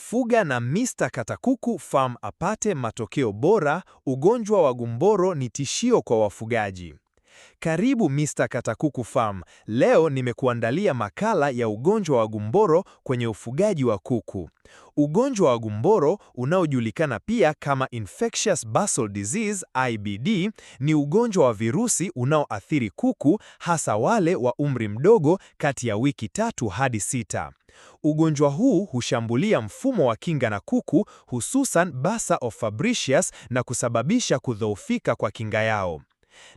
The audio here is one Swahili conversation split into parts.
Fuga na Mr. Katakuku Farm apate matokeo bora. Ugonjwa wa gumboro ni tishio kwa wafugaji. Karibu Mr. Katakuku Farm. Leo nimekuandalia makala ya ugonjwa wa gumboro kwenye ufugaji wa kuku. Ugonjwa wa gumboro unaojulikana pia kama infectious basal disease IBD ni ugonjwa wa virusi unaoathiri kuku hasa wale wa umri mdogo kati ya wiki tatu hadi sita. Ugonjwa huu hushambulia mfumo wa kinga na kuku, hususan Basa of Fabricius na kusababisha kudhoofika kwa kinga yao.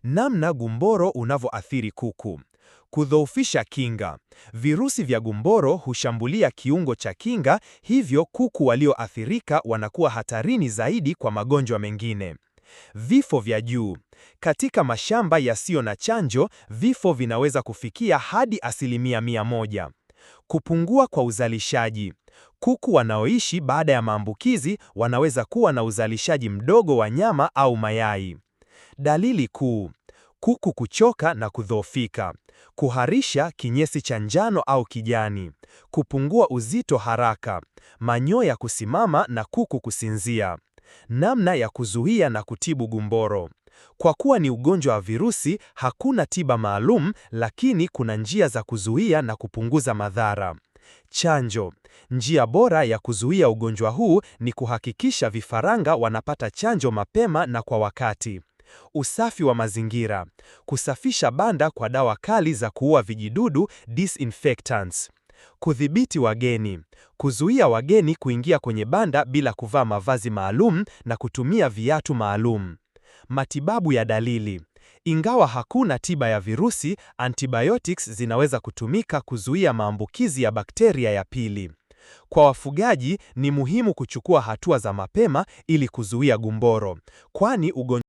Namna gumboro unavyoathiri kuku. Kudhoofisha kinga. Virusi vya gumboro hushambulia kiungo cha kinga, hivyo kuku walioathirika wanakuwa hatarini zaidi kwa magonjwa mengine. Vifo vya juu. Katika mashamba yasiyo na chanjo, vifo vinaweza kufikia hadi asilimia mia moja. Kupungua kwa uzalishaji. Kuku wanaoishi baada ya maambukizi wanaweza kuwa na uzalishaji mdogo wa nyama au mayai. Dalili kuu: kuku kuchoka na kudhoofika, kuharisha kinyesi cha njano au kijani, kupungua uzito haraka, manyoya kusimama na kuku kusinzia. Namna ya kuzuia na kutibu gumboro. Kwa kuwa ni ugonjwa wa virusi, hakuna tiba maalum, lakini kuna njia za kuzuia na kupunguza madhara. Chanjo. Njia bora ya kuzuia ugonjwa huu ni kuhakikisha vifaranga wanapata chanjo mapema na kwa wakati usafi wa mazingira, kusafisha banda kwa dawa kali za kuua vijidudu disinfectants, kudhibiti wageni, kuzuia wageni kuingia kwenye banda bila kuvaa mavazi maalum na kutumia viatu maalum. Matibabu ya dalili. Ingawa hakuna tiba ya virusi, antibiotics zinaweza kutumika kuzuia maambukizi ya bakteria ya pili. Kwa wafugaji ni muhimu kuchukua hatua za mapema ili kuzuia gumboro, kwani ugonjwa